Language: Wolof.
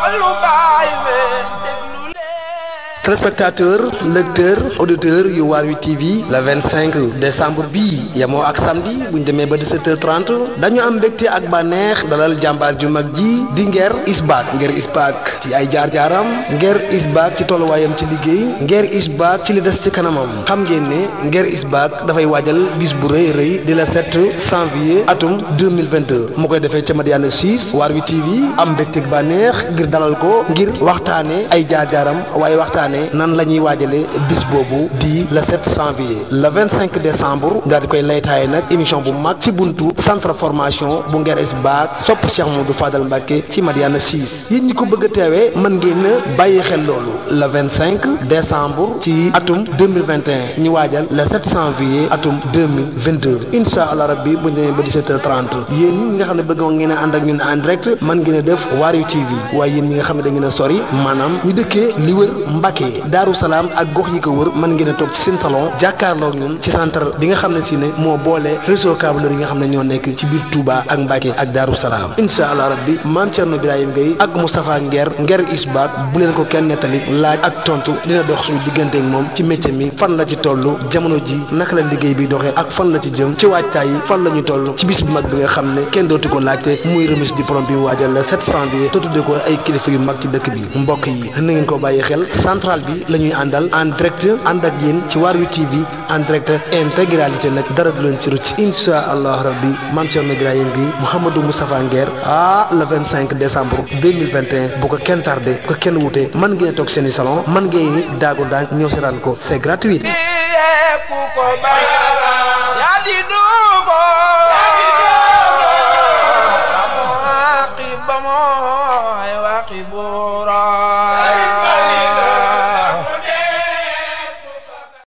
allu baay we téléspectateurs lecteur auditeurs yu Waarwi TV le 25 décembre bii yemoo ak samedi bu ñu demee ba 17h30 dañu am mbégte ak bànneex dalal jàmbaar ju mag ji di nger Isback Nguer Isback ci ay jaar-jaaram Nguer Isback ci tolluwaayam ci liggéey Nguer Isback ci li des ci kanamam xam ngeen ne Nguer Isback dafay waajal bis bu rëy rëy di la 7 janvier atum 2022 mu koy defee ca Madiana 6 Waarwi TV am mbégte ak bànneex ngir dalal ko ngir waxtaane ay jaar-jaaram waaye waxtaane waxtaanee nan la ñuy waajalee bis boobu di le 7 janvier le 25 décembre nga di koy laytaaye nag émission bu mag ci buntu centre formation bu Ngeres Baak sopp Cheikh Moudou Fadal Mbacke ci Madiana 6 yéen ñi ko bëgg a teewee mën ngeen a xel loolu le 25 décembre ci atum 2021 ñu waajal le 7 janvier atum 2022 incha allah rabbi bu ñu demee ba 17h30 yéen nga xam ne bëggoon ngeen a ànd ak ñun en direct mën ngeen a def Waarwi TV waaye yéen ñi nga xam ne da ngeen a sori maanaam ñu dëkkee li wër Mbacke Mbacke Daaru Salaam ak gox yi ko wër mën ngeen a toog ci seen salon jàkkaarloog ñun ci centre bi nga xam ne si moo boole réseau câbleur yi nga xam ne ñoo nekk ci biir Touba ak Mbacke ak Daaru Salaam incha allah bi maam Thierno Birahim Gueye ak Moustapha Nger Nger Isbak bu leen ko kenn nettali laaj ak tontu dina dox suñu diggante ak moom ci métier mi fan la ci toll jamono ji naka la liggéey bi doxee ak fan la ci jëm ci waajtaay yi fan la ñu toll ci bis bu mag bi nga xam ne kenn dootu ko laajte muy remise diplôme bi la 7 janvier te tudde ko ay kilifa yu mag ci dëkk bi mbokk yi na ngeen ko bàyyi xel oral bi la ñuy àndal en direct ànd ak yéen ci Waarwi TV en direct intégralité nag dara du leen ci rëcc incha allah rabbi maam Thierno Birahim bi Mouhamadou Moustapha Nguer ah le 25 décembre 2021 bu ko kenn tardé bu ko kenn wute man ngeen toog seen i salon man ngeen daagu daag ñëw seetaan ko c'est gratuit. واقبوا